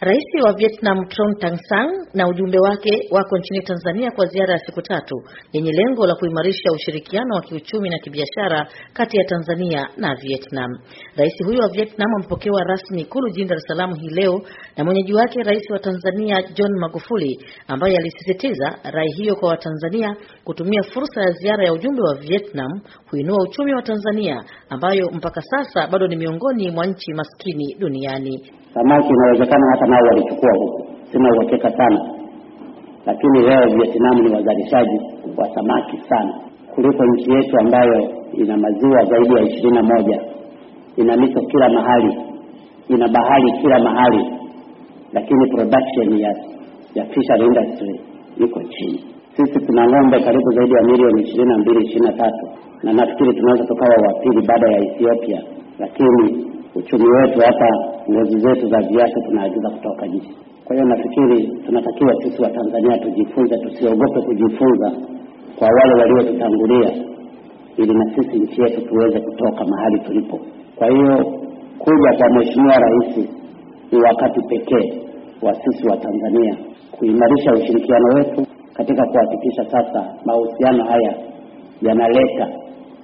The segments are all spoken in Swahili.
Rais wa Vietnam Tron Tang Sang na ujumbe wake wako nchini Tanzania kwa ziara ya siku tatu yenye lengo la kuimarisha ushirikiano wa kiuchumi na kibiashara kati ya Tanzania na Vietnam. Rais huyo wa Vietnam amepokewa rasmi Ikulu jijini Dar es Salaam hii leo na mwenyeji wake Rais wa Tanzania John Magufuli, ambaye alisisitiza rai hiyo kwa Watanzania kutumia fursa ya ziara ya ujumbe wa Vietnam kuinua uchumi wa Tanzania ambayo mpaka sasa bado ni miongoni mwa nchi maskini duniani. Samaki inawezekana hata nao walichukua huku, sina uhakika sana, lakini leo Vietnam ni wazalishaji wa samaki sana kuliko nchi yetu ambayo ina maziwa zaidi ya ishirini na moja, ina mito kila mahali, ina bahari kila mahali, lakini production ya, ya fishery industry iko chini. Sisi tuna ng'ombe karibu zaidi ya milioni ishirini na mbili ishirini na tatu na nafikiri tunaweza tukawa wapili baada ya Ethiopia, lakini uchumi wetu hapa, ngozi zetu za viatu tunaagiza kutoka nje. Kwa hiyo nafikiri tunatakiwa sisi Watanzania tujifunze, tusiogope kujifunza kwa wale waliotutangulia, ili na sisi nchi yetu tuweze kutoka mahali tulipo. Kwa hiyo kuja kwa Mheshimiwa Rais ni wakati pekee wa sisi Watanzania kuimarisha ushirikiano wetu katika kuhakikisha sasa mahusiano haya yanaleta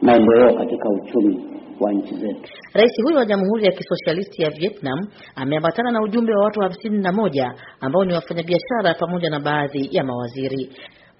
maendeleo katika uchumi wa nchi zetu. Rais huyo wa Jamhuri ya kisosialisti ya Vietnam ameambatana na ujumbe wa watu hamsini na moja ambao ni wafanyabiashara pamoja na baadhi ya mawaziri.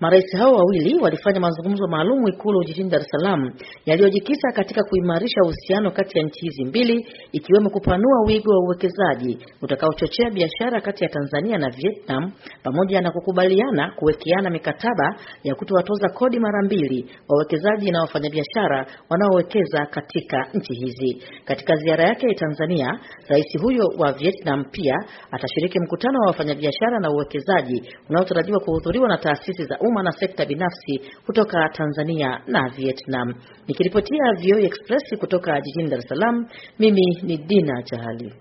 Marais hao wawili walifanya mazungumzo maalumu Ikulu jijini Dar es Salaam yaliyojikita katika kuimarisha uhusiano kati ya nchi hizi mbili, ikiwemo kupanua wigo wa uwekezaji utakaochochea biashara kati ya Tanzania na Vietnam, pamoja na kukubaliana kuwekeana mikataba ya kutowatoza kodi mara mbili wawekezaji na wafanyabiashara wanaowekeza katika nchi hizi. Katika ziara yake ya Tanzania, rais huyo wa Vietnam pia atashiriki mkutano wa wafanyabiashara na uwekezaji unaotarajiwa kuhudhuriwa na taasisi za umma na sekta binafsi kutoka Tanzania na Vietnam. Nikiripotia VOA Express kutoka jijini Dar es Salaam, mimi ni Dina Chahali.